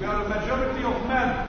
We are a majority of men.